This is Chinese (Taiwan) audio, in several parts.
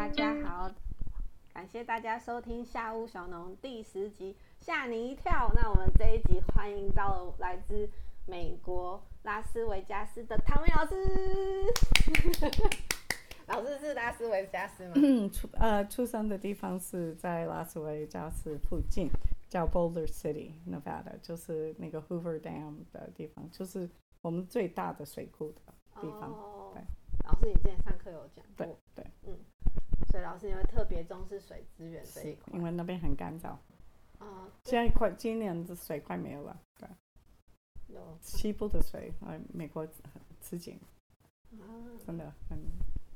大家好，感謝大家收聽《下午小農》第十集《嚇你一跳》。那我們這一集歡迎到來自美國拉斯維加斯的唐敏老師。 老師是拉斯維加斯嗎？嗯，出呃出生的地方是在拉斯維加斯附近，叫 Boulder City, Nevada，就是那個 Hoover Dam 的地方，就是我們最大的水庫的地方。Oh, 對，老師，你之前上課有講過。是因為特別重視水資源，這，因為那邊很乾燥啊、嗯。現在快今年的水快沒有了，對，有西部的水，哎，美國很吃緊啊、嗯，真的很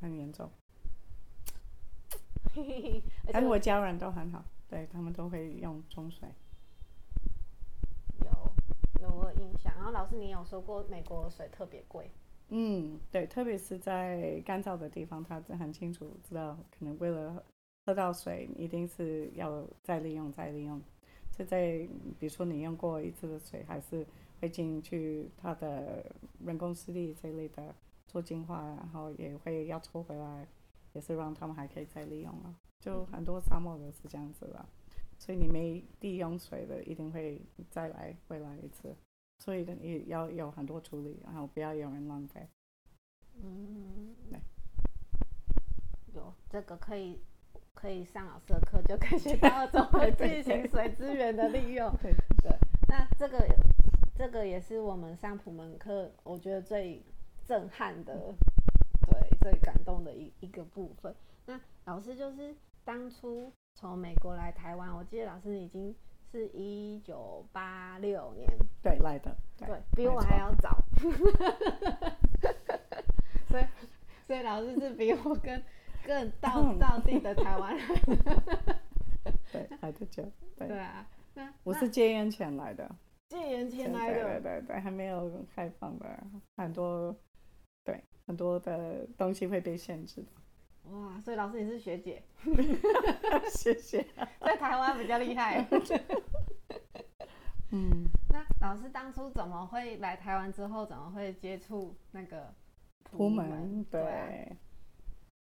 很嚴重。嘿嘿嘿，而且我家人都很好，對，他們都會用中水。有有我印象，然後老師，你有說過美國水特別貴。嗯，對，特別是在乾燥的地方，他很清楚知道，可能為了喝到水，一定是要再利用，再利用。所以在比如說你用過一次的水，還是會進去它的人工濕地這類的做淨化，然後也會要抽回來，也是讓他們還可以再利用啊。就很多沙漠都是這樣子的，所以你沒利用水的，一定會再來，回來一次。所以要有很多處理，然後不要有人浪費。嗯，對。有、哦、這個可以可以上老師的課，就可以學到怎麼進行水資源的利用 對對 對。對，那這個這個也是我們上普門課程，我覺得最震撼的，嗯、對最感動的一一個部分。那老師就是當初從美國來台灣，我記得老師已經。是一九八六年，對來的，對，對比我還要早， 所以所以老師是比我更更到道地的台灣人 對來的，對，對啊，那我是解嚴前來的，解嚴前來的，對，對對對，還沒有開放的，很多，對很多的東西會被限制的。哇，所以老師也是學姐，謝謝。在台灣比較厲害。嗯，那老師當初怎麼會來台灣？之後怎麼會接觸那個樸門？對，對啊、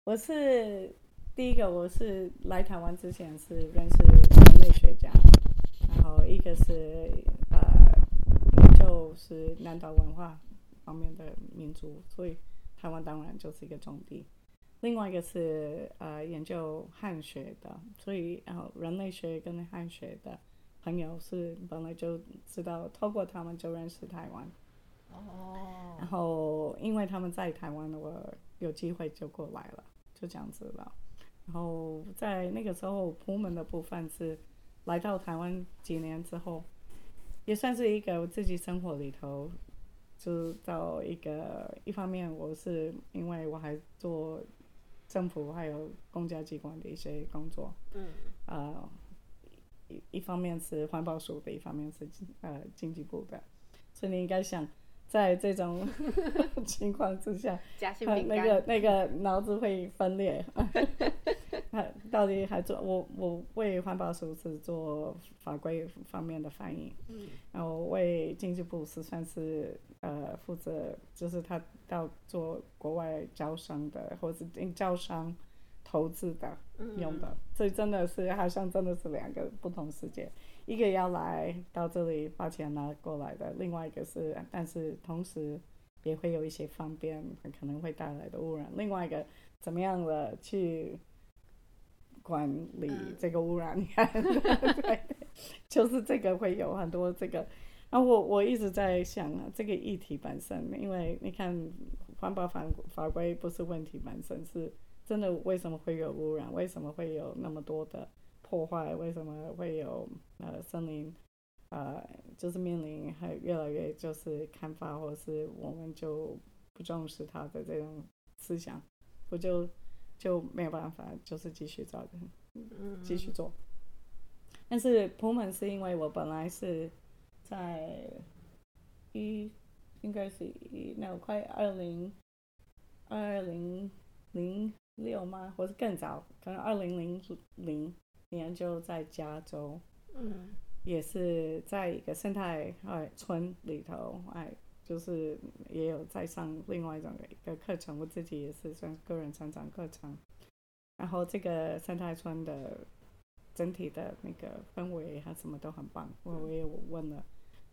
我是第一個。我是來台灣之前是認識人類學家，然後一個是呃，就是南島文化方面的民族，所以台灣當然就是一個重地。另外一個是呃研究漢學的，所以然後、呃、人類學跟漢學的朋友是本來就知道，透過他們就認識台灣，哦、oh.，然後因為他們在台灣，我有機會就過來了，就這樣子了。然後在那個時候，樸門的部分是來到台灣幾年之後，也算是一個我自己生活裡頭，就到一個一方面，我是因為我還做。政府還有公家機關的一些工作，嗯，啊、呃，一方面是環保署的，一方面是呃經濟部的，所以你應該想在這種 情況之下， 呃、那個那個腦子會分裂。 他到底還做我？我為環保署是做法規方面的反應，然後為經濟部是算是呃負責，就是他到做國外招商的，或者是招商投資的用的。所以真的是好像真的是兩個不同世界，一個要來到這裡把錢拿過來的，另外一個是但是同時也會有一些方便可能會帶來的污染，另外一個怎麼樣的去。管理這個污染，嗯，你看，對，就是這個會有很多這個。然、啊、後我我一直在想，啊、這個議題本身，因為你看環保法法規不是問題本身，是真的為什麼會有污染？為什麼會有那麼多的破壞？為什麼會有呃森林啊，呃，就是面臨還越來越就是砍伐，或是我們就不重視它的這種思想，我就？就沒有辦法，就是繼續找人，繼、嗯、續做。但是樸門是因為我本來是在一，應該是一，那我快二零二零零六嗎？或是更早，可能二零零零年就在加州，嗯，也是在一個生態村裡頭。嗯就是也有在上另外一種一個課程，我自己也是算個人成長課程。然後這個生態村的整體的那個氛圍還什麼都很棒。嗯、我也我問了，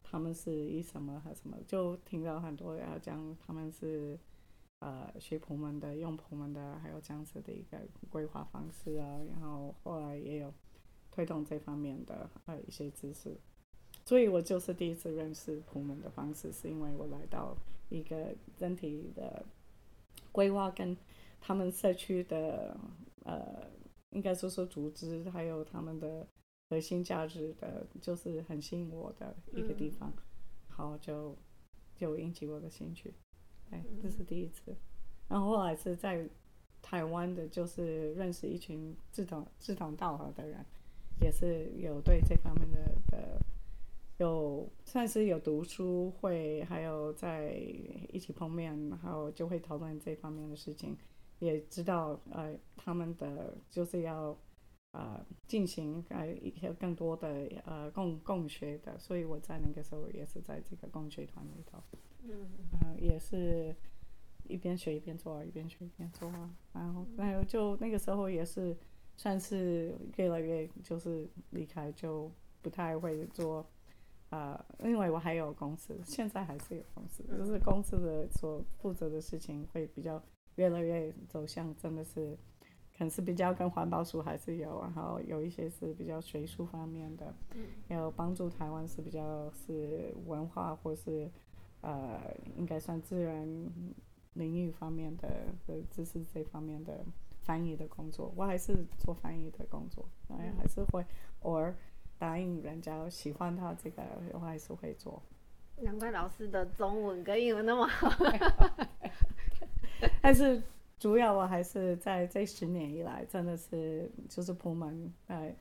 他們是以什麼還什麼，就聽到很多人要講他們是呃學樸門的、用樸門的，還有這樣子的一個規劃方式啊。然後後來也有推動這方面的有、啊、一些知識。所以我就是第一次認識樸門的方式，是因為我來到一個整體的規劃跟他們社區的呃，應該說說組織，還有他們的核心價值的，就是很吸引我的一個地方，好，就就引起我的興趣，哎，這是第一次。然後後來是在台灣的，就是認識一群志同志同道合的人，也是有對這方面的的，有算是有讀書會，還有在一起碰面，然後就會討論這方面的事情，也知道呃他們的就是要呃進行呃一些更多的呃共共學的，所以我在那個時候也是在這個共學團裡頭，嗯，呃、也是一邊學一邊做，一邊學一邊做啊，然後還有、嗯、就那個時候也是算是越來越就是離開就不太會做。呃，因為我還有公司，現在還是有公司，就是公司的所負責的事情會比較越來越走向真的是，可能是比較跟環保署還是有，然後有一些是比較學術方面的，要幫助台灣是比較是文化或是呃應該算自然領域方面的，呃，知識這方面的翻譯的工作，我還是做翻譯的工作，當然後還是會偶爾。嗯 Or, 答應人家喜歡他這個我還是會做。難怪老師的中文跟英文那麼好。 但是主要我還是在這十年以來，真的是就是樸門呃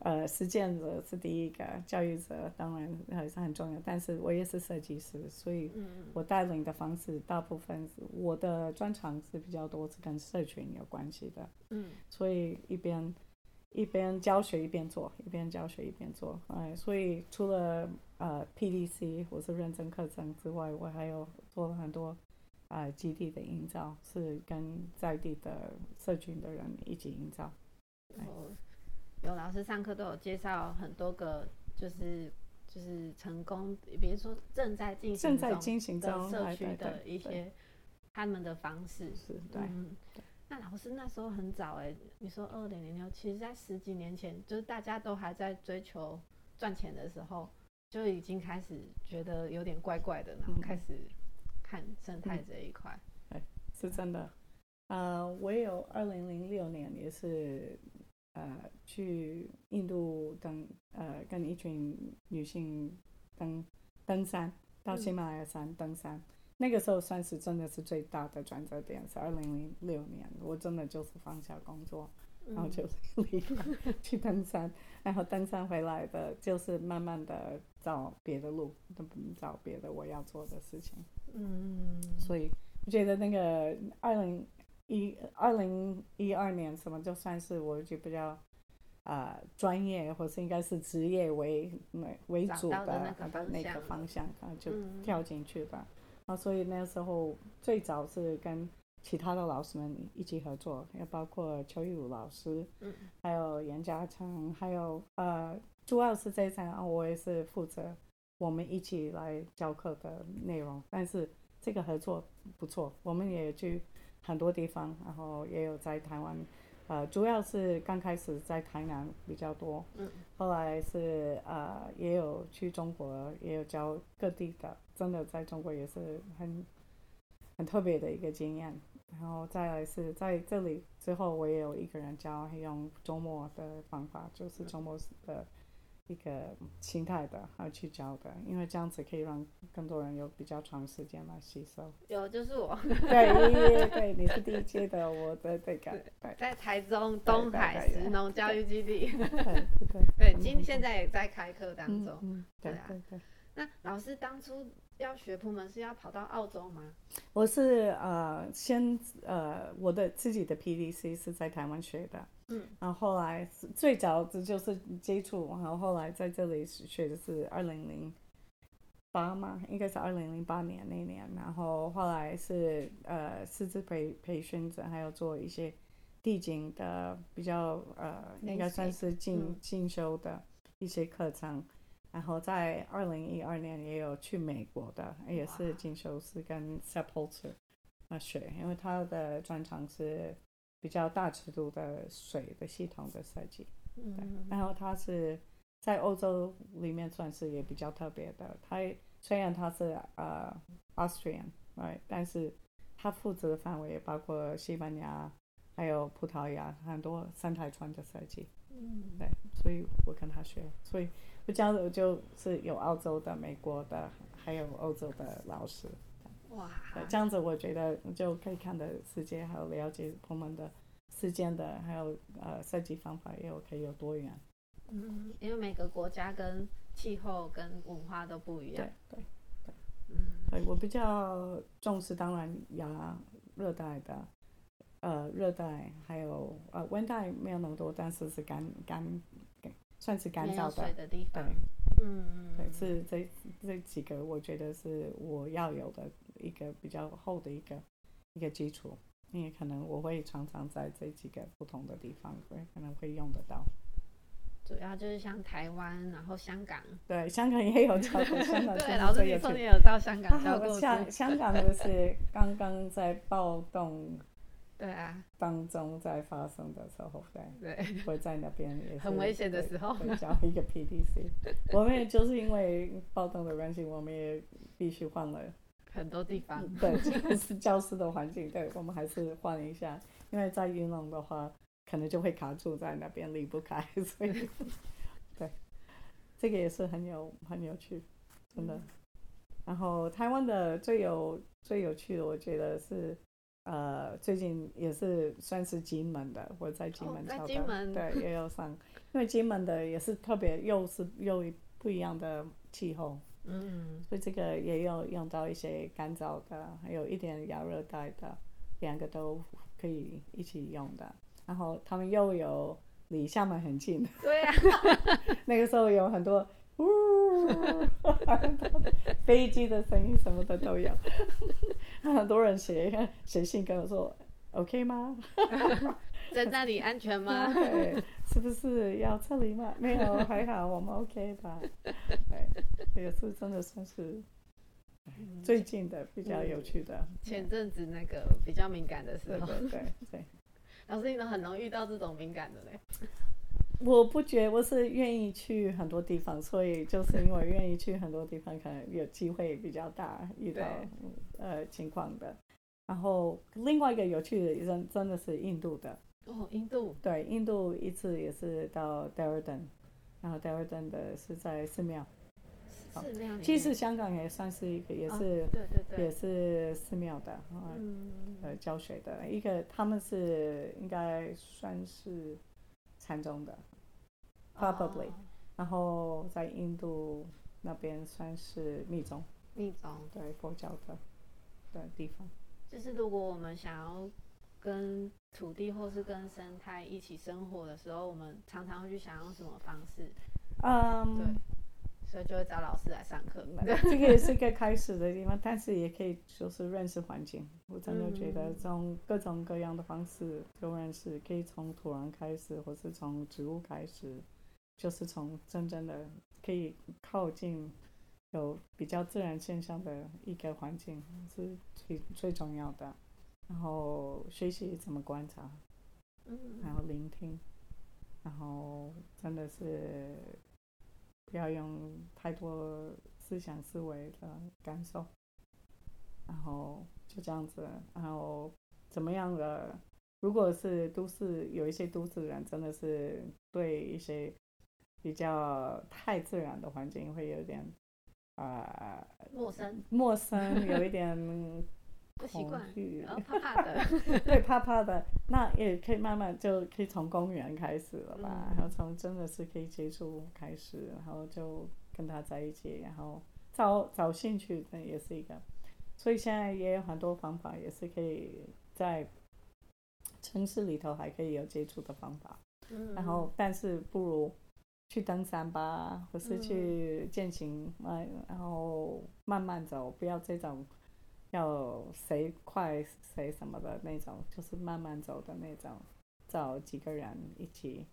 呃實踐者是第一個，教育者當然還是很重要。但是我也是設計師，所以我帶領的方式大部分是，嗯、我的專長是比較多，是跟社群有關係的。嗯，所以一邊。一邊教學一邊做，一邊教學一邊做，哎、嗯，所以除了呃 PDC 我是認證課程之外，我還有做了很多，啊、呃、基地的營造是跟在地的社群的人一起營造。有老師上課都有介紹很多個，就是就是成功，比如說正在進行正在進行中社區的一些他們的方式，是對,對,對。嗯是對對那老師那時候很早哎、欸，你說二零零六，其實在十幾年前，就是大家都還在追求賺錢的時候，就已經開始覺得有點怪怪的，然後開始看生態這一塊。哎、嗯嗯，是真的。呃，uh, 我也有二零零六年也是呃去印度登呃跟一群女性登登山，到喜馬拉雅山登山。嗯。那個時候算是真的是最大的轉折點，是二零零六年，我真的就是放下工作，然後就離去登山、嗯，然後登山回來的，就是慢慢的找別的路，找別的我要做的事情。嗯，所以我覺得那個二零一二零一二年什麼就算是我就比較啊、呃、專業，或是應該是職業為為主的那個,、啊、那個方向，然、啊、後就跳進去吧。嗯啊，所以那時候最早是跟其他的老師們一起合作，也包括邱玉武老師，還有嚴家昌，還有呃主要是這場，我也是負責我們一起來教課的內容。但是這個合作不錯，我們也去很多地方，然後也有在台灣。呃，主要是剛開始在台南比較多，後來是呃也有去中國，也有教各地的，真的在中國也是很很特別的一個經驗。然後再來是在這裡最後，我也有一個人教用周末的方法，就是周末的。一個心態的，要去教的，因為這樣子可以讓更多人有比較長時間來吸收。有，就是我。 對，yeah, yeah, 對，你是第一屆的，我的這個。在台中東海食農教育基地。對對。今 現在也在開課當中。嗯。對啊，嗯對啊對對對。那老師當初要學樸門是要跑到澳洲嗎？我是呃，先呃，我的自己的 PDC 是在台灣學的。嗯、然後後來最早就是接觸，然後後來在這裡學的是二零零八嘛，應該是二零零八年那年，然後後來是呃師資培培訓者，還有做一些地景的比較呃，應該算是進進修的一些課程，嗯、然後在二零一二年也有去美國的，也是進修師跟 sepulture。那學，因為他的專長是。比較大尺度的水的系統的設計，嗯，然後他是在歐洲裡面算是也比較特別的。他雖然他是呃 Austrian 對，Austrian, right? 但是他負責的範圍包括西班牙，還有葡萄牙很多生態圈的設計，嗯，對，所以我跟他學，所以我教的就是有澳洲的、美國的，還有歐洲的老師。哇，這樣子我覺得就可以看的世界還有了解我們的世界的還有呃設計方法也有可以有多遠。嗯，因為每個國家跟氣候跟文化都不一樣。對對對，對，對、嗯、對我比較重視，當然亞熱帶的，呃，熱帶還有呃溫帶沒有那麼多，但是是乾乾，算是乾燥的的地方。對，嗯，對是這這幾個，我覺得是我要有的。一個比較厚的一個一個基礎，因為可能我會常常在這幾個不同的地方，會可能會用得到。主要就是像台灣，然後香港。對，香港也有教徒 香港 對，對，老師也從也有到香港過。香港不是剛剛在暴動，對啊，當中在發生的時候、 啊，對，會在那邊也是很危險的時候， 會教一個 PDC。 我們也就是因為暴動的關係，我們也必須換了。很多地方 對，這個是教室的環境，對，我們還是換一下，因為在雲龍的話，可能就會卡住在那邊離不開，所以對，對，這個也是很有很有趣，真的。嗯、然後台灣的最有最有趣的，我覺得是，呃，最近也是算是金門的，我在金門教的，哦、在金門的 對，也有上，因為金門的也是特別又是又不一樣的氣候。嗯嗯、mm -hmm.，所以這個也有用到一些乾燥的，還有一點亞熱帶的，兩個都可以一起用的。然後他們又有離廈門很近， 對啊， 那個時候有很多嗚，很 多 飛機的聲音什麼的都有， 很多人寫寫信跟我說。OK 嗎？ 在那裡安全嗎？ 對，是不是要撤離嗎？沒有，還好， 我們 OK 吧？也是真的算是最近的比較有趣的。嗯、前陣子那個比較敏感的時候，嗯、對對，對，對老師，你怎麼很容易遇到這種敏感的嘞？我不覺，我是願意去很多地方，所以就是因為願意去很多地方，可能有機會比較大遇到呃情況的。然後另外一個有趣的人真的是印度的哦，印度對，印度一次也是到戴爾頓，然後戴爾頓的是在寺廟，寺廟、oh, 其實香港也算是一個，也是、哦、對對對，也是寺廟的啊，呃、嗯，教學的一個，他們是應該算是禪宗的、哦、，probably，然後在印度那邊算是密宗，密宗對佛教的對地方。就是如果我們想要跟土地或是跟生態一起生活的時候，我們常常會去想用什麼方式，嗯、um，對，所以就會找老師來上課，對。這個也是一個開始的地方，但是也可以就是認識環境。我真的覺得從各種各樣的方式都、嗯、認識，可以從土壤開始，或是從植物開始，就是從真正的可以靠近。有比較自然現象的一個環境是最最重要的，然後學習怎麼觀察，然後聆聽，然後真的是不要用太多思想思維的感受，然後就這樣子，然後怎麼樣的？如果是都市有一些都市人，真的是對一些比較太自然的環境會有點。啊、呃，陌生，陌生，有一點不習慣，啊，怕怕的， 對，怕怕的。那也可以慢慢就可以從公園開始了吧、嗯，然後從真的是可以接觸開始，然後就跟他在一起，然後找找興趣，那也是一個。所以現在也有很多方法，也是可以在城市裡頭還可以有接觸的方法，嗯、然後但是不如。去登山吧，不是去健行，嗯嗯，然後慢慢走，不要這種，要誰快誰什麼的那種，就是慢慢走的那種，找幾個人一起，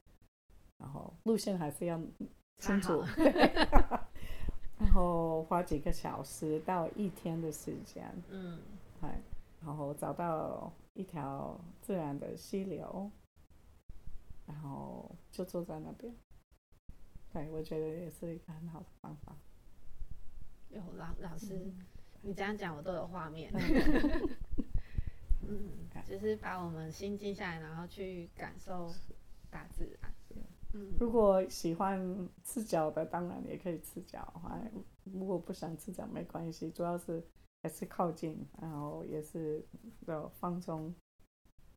然後路線還是要清楚， 然後花幾個小時到一天的時間，嗯，哎，然後找到一條自然的溪流，然後就坐在那邊。對，我覺得也是一個很好的方法。有老老師、嗯，你這樣講我都有畫面。嗯， 嗯，就是把我們心靜下來，然後去感受大自然。如果喜歡赤腳的，當然也可以赤腳。哎，如果不想赤腳沒關係，主要是還是靠近，然後也是要放鬆、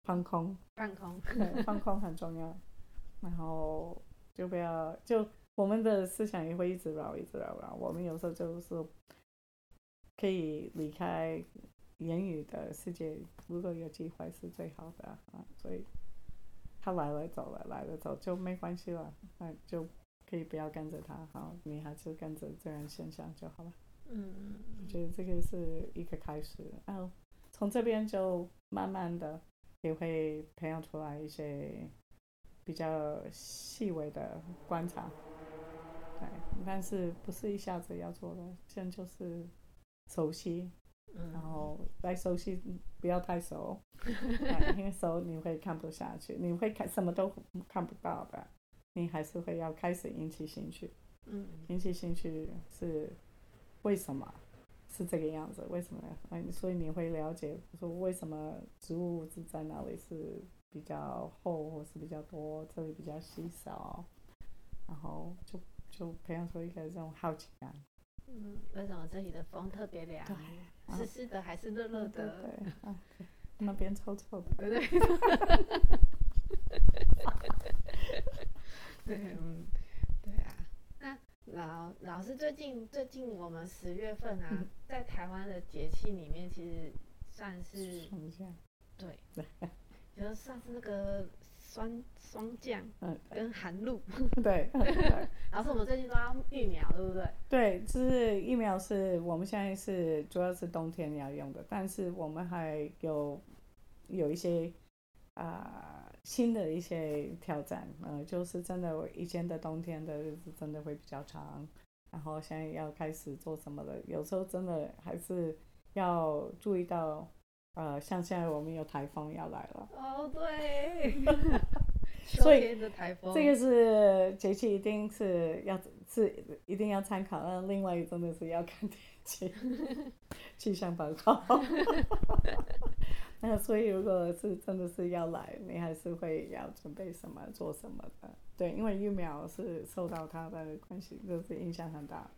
放空、放空。放空，放空很重要。然後就不要就。我們的思想也會一直繞，一直繞繞。我們有時候就是可以離開言語的世界，如果有機會是最好的啊。所以他來了走了，來了走就沒關係了，那、啊、就可以不要跟着他好，啊，你還是跟着自然現象就好了。嗯嗯。我覺得這個是一個開始，然後從這邊就慢慢的也會培養出來一些比較細微的觀察。但是不是一下子要做的，現在就是熟悉，mm -hmm. 然後再熟悉不要太熟， 因為熟你會看不下去，你會看什麼都看不到的，你還是會要開始引起興趣。Mm -hmm. 引起興趣是為什麼？是這個樣子？為什麼呢？所以你會了解說為什麼植物是在哪裡是比較厚或是比較多，這裡比較稀少，然後就。就培養出一個這種好奇感。嗯，為什麼這裡的風特別涼？濕、啊、濕的還是熱熱的？啊、對，對，對，啊、 那邊臭臭的。對，對，對， 對，嗯，對啊。那老老師最近最近我們十月份啊，嗯、在台灣的節氣裡面，其實算是。對，就上次那個。霜霜降，嗯，跟寒露，嗯、對。老師，我們最近都要育苗，對不對？對，就是育苗是我們現在是主要是冬天要用的，但是我們還有有一些啊、呃、新的一些挑戰。嗯、呃，就是真的，以前的冬天的日子真的會比較長，然後現在要開始做什麼了？有時候真的還是要注意到。呃，像現在我們有台風要來了。哦、oh，對。 所以，秋天的颱風。這個是節氣，一定是要是一定要參考。那另外一種的是要看天氣， 氣象報告。 那所以，如果是真的是要來，你還是會要準備什麼、做什麼的。對，因為育苗是受到它的關係，就是影響很大。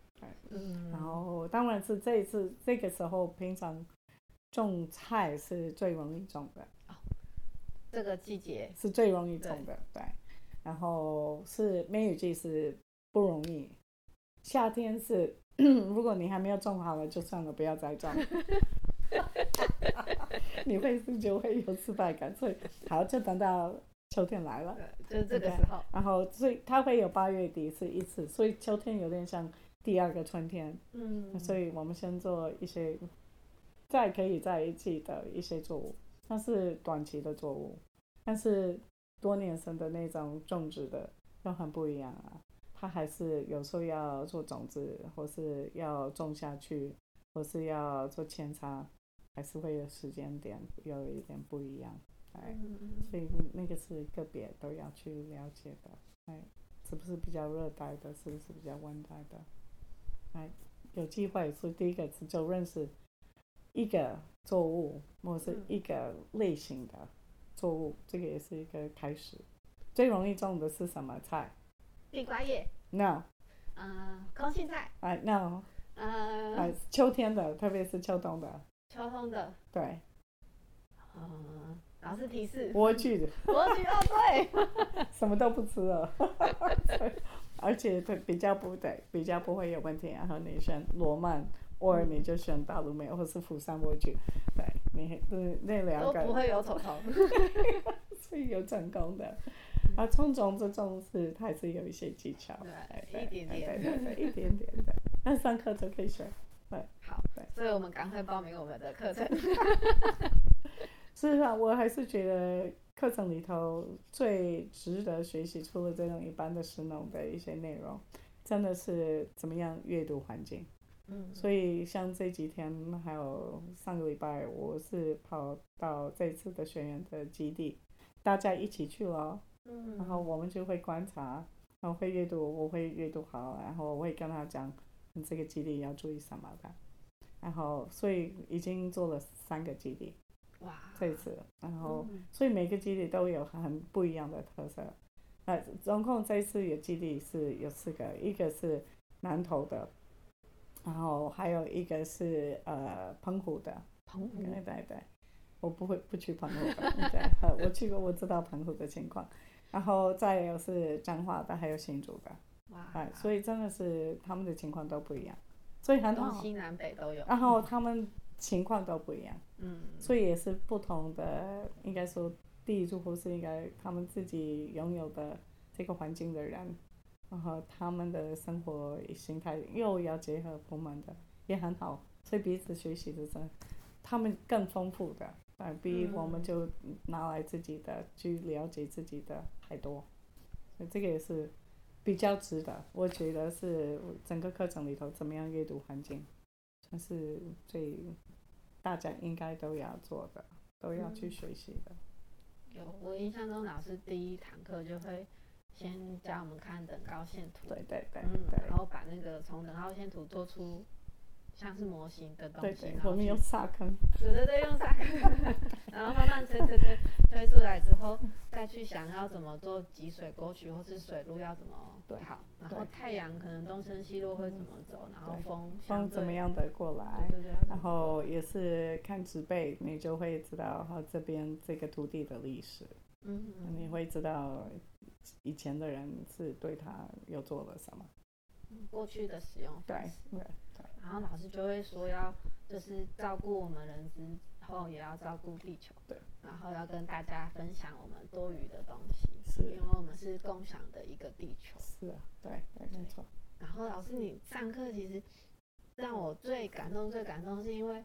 嗯。Mm -hmm. 然後，當然是這一次這個時候，平常。種菜是最容易種的，哦，這個季節是最容易種的，對。對，然後是梅雨季是不容易，夏天是，如果你還沒有種好了，就算了，不要再種， 你會就會有失敗感。所以，好，就等到秋天來了，就是這個時候。然後最它會有八月底是一次，所以秋天有點像第二個春天。嗯，所以我們先做一些。在可以在一起的一些作物，那是短期的作物，但是多年生的那種種植的都很不一樣啊。它還是有時候要做種子，或是要種下去，或是要做扦插，還是會有時間點有一點不一樣。哎，所以那個是個別都要去了解的。哎，是不是比較熱帶的？是不是比較溫帶的？哎，有機會是第一個詞就認識。一個作物，或者是一個類型的作物，嗯，這個也是一個開始。最容易種的是什麼菜？地瓜葉？No、呃。空心菜？哎、uh,，No。呃，秋天的，特別是秋冬的。秋冬的，對。嗯、呃。老師提示。萵苣，萵苣，對。 什麼都不吃了， 而且比較不，對，比較不會有問題。然後你選羅曼。我兒、嗯，你就選大陸美，或者是釜山美酒，對，你還那、呃、那兩個。不會有頭痛，是 有成功的。嗯、啊，從中之重視，它還是有一些技巧。對，對對對一點點。對對對，一點點的。那上課就可以選。對。好，對。所以，我們趕快報名我們的課程。哈哈哈哈哈。事實上，我還是覺得課程裡頭最值得學習，除了這種一般的識農的一些內容，真的是怎麼樣閱讀環境？ 所以像這幾天還有上個禮拜，我是跑到這次的學員的基地，大家一起去了，然後我們就會觀察，然後會閱讀，我會閱讀好，然後我會跟他講，你這個基地要注意什麼的。然後，所以已經做了三個基地。哇。這一次，然後所以每個基地都有很不一樣的特色。那總共這次的基地是有四個，一個是南投的。然後還有一個是呃，澎湖的，澎湖的對對對，我不會不去澎湖的， 我去過，我知道澎湖的情況。然後再有是彰化的，還有新竹的，哎、嗯，所以真的是他們的情況都不一樣。所以從東西南北都有，然後他們情況都不一樣。嗯，所以也是不同的，應該說第一住戶是應該他們自己擁有的這個環境的人。和他們的生活形態又要結合樸門的，也很好，所以彼此學習的時候，他們更豐富的。比我們就拿來自己的去了解自己的還多，所以這個也是比較值得。我覺得是整個課程裡頭怎麼樣閱讀環境，是最大家應該都要做的，都要去學習的。有，我印象中老師第一堂課就會。先教我們看等高線圖，對對對，嗯，對對對，然後把那個從等高線圖做出像是模型的東西，對對，然後後面，用挖坑，有的都用沙坑，對對對，用沙坑 然後慢慢推推推推出來之後，再去想要怎麼做集水溝渠，或是水路要怎麼對好，然後太陽可能東升西落會怎麼走，然後風風怎麼樣的過來，對對對，然後也是看植被，你就會知道這邊這個土地的歷史，嗯，嗯，你會知道。以前的人是對他又做了什麼？嗯、過去的使用方式對對對，然後老師就會說要就是照顧我們人之後也要照顧地球，對，然後要跟大家分享我們多餘的東西，是因為我們是共享的一個地球，是啊，對，對對對沒錯。然後老師，你上課其實讓我最感動、最感動是因為，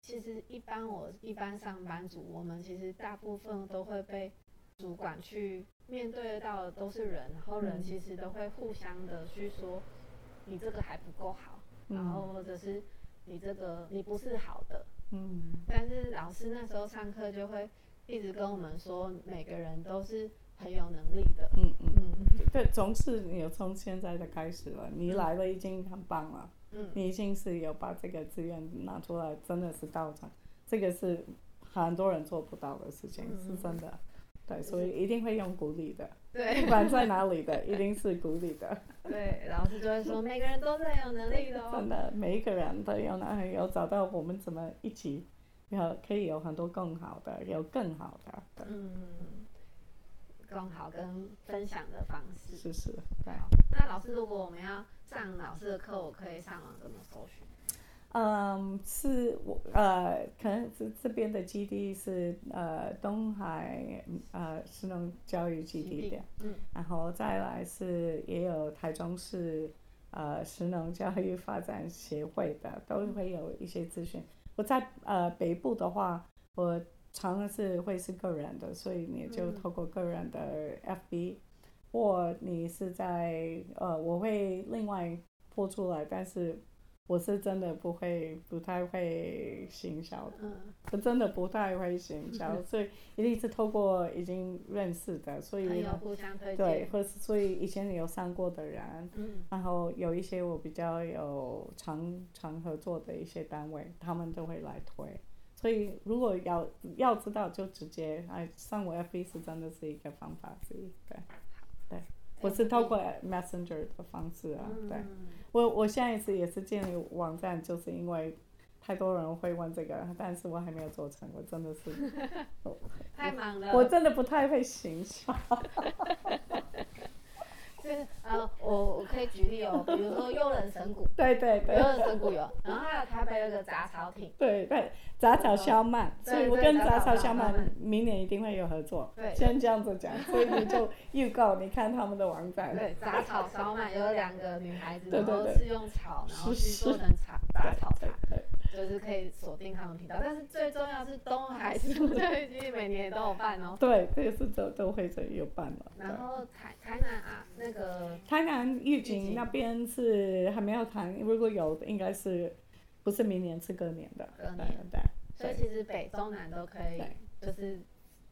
其實一般我一般上班族，我們其實大部分都會被主管去。面對的到的都是人，然後人其實都會互相的去說，你這個還不夠好，嗯，然後或者是你這個你不是好的，嗯。但是老師那時候上課就會一直跟我們說，每個人都是很有能力的，嗯嗯嗯。對，從此有從現在的開始了，嗯，你來了已經很棒了，嗯，你已經是有把這個資源拿出來，真的是到場，嗯，這個是很多人做不到的事情，嗯，是真的。所以一定會用鼓勵的，對，不管在哪裡的， 一定是鼓勵的。對，老師就會說，每個人都是有能力的哦。 真的，每一個人都有能力，有找到我們怎麼一起，有可以有很多更好的，有更好的，嗯，更好跟分享的方式。是是，對。好。那老師，如果我們要上老師的課，我可以上網怎麼搜尋？嗯、um,，是我呃，可能這這邊的基地是呃東海呃，食農教育基地的、嗯，然後再來是也有台中市呃食農教育發展協會的，都會有一些資訊。嗯、我在呃北部的話，我常常是會是個人的，所以你就透過個人的 FB，、嗯、或你是在呃我會另外撥出來，但是。我是真的不會，不太會行銷的，我、uh, 真的不太會行銷， 所以一定是透過已經認識的，所以有互相推薦，對，或是所以以前有上過的人， 然後有一些我比較有常常合作的一些單位，他們都會來推，所以如果要要知道，就直接哎，上我 FB 是真的是一個方法之一，對，對。我是透過 Messenger 的方式啊，嗯、對。我我現在也是建立網站，就是因為太多人會問這個，但是我還沒有做成，我真的是， 太忙了我，我真的不太會形象。 就是呃，我我可以舉例哦，比如說有人神谷， 對對對，有人神谷有， 然後還有台北有個雜草亭，對對，對雜草消曼，所、嗯、以我跟雜草消曼，草肖曼明年一定會有合作。對，先這樣子講，所以你就預告，你看他們的網站， 對，雜草消曼有兩個女孩子，都 是用草，然後是，做成草雜草茶。是是對對對對。就是可以鎖定他們頻道，但是最重要是東海是，是最近每年也都有辦哦。對，這也是都都會這有辦了。然後台台南啊，那個景台南玉井那邊是還沒有談，如果有，應該是不是明年是隔年的。年對對，對所以其實北中南都可以，就是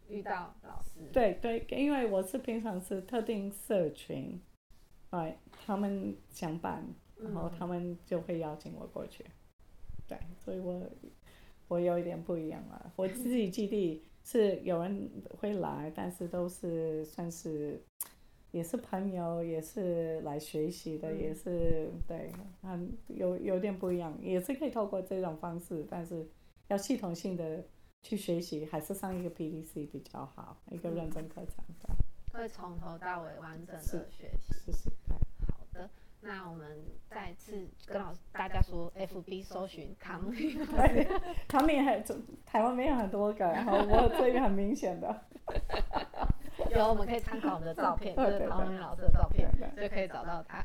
遇到老師。對對，對，對，因為我是平常是特定社群，哎、right，他們想辦，然後他們就會邀請我過去。嗯對，所以我我有一點不一樣了。我自己基地是有人會來， 但是都是算是也是朋友，也是來學習的，嗯、也是對，很有有點不一樣，也是可以透過這種方式，但是要系統性的去學習，還是上一個 PDC 比較好，嗯，一個認真課程的，對，會從頭到尾完整的學習。是是是那我們再次跟老師大家說 ，FB 搜尋唐敏，唐敏還， 台灣沒有很多個，然後我這個很明顯的， 有我們可以參考我們的照片，就是唐敏老師的照片，就可以找到他。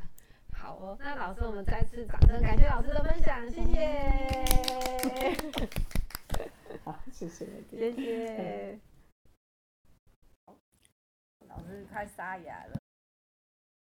好哦，那老師我們再次掌聲感謝老師的分享，謝謝。 好，謝謝，謝謝。 老師太沙啞了。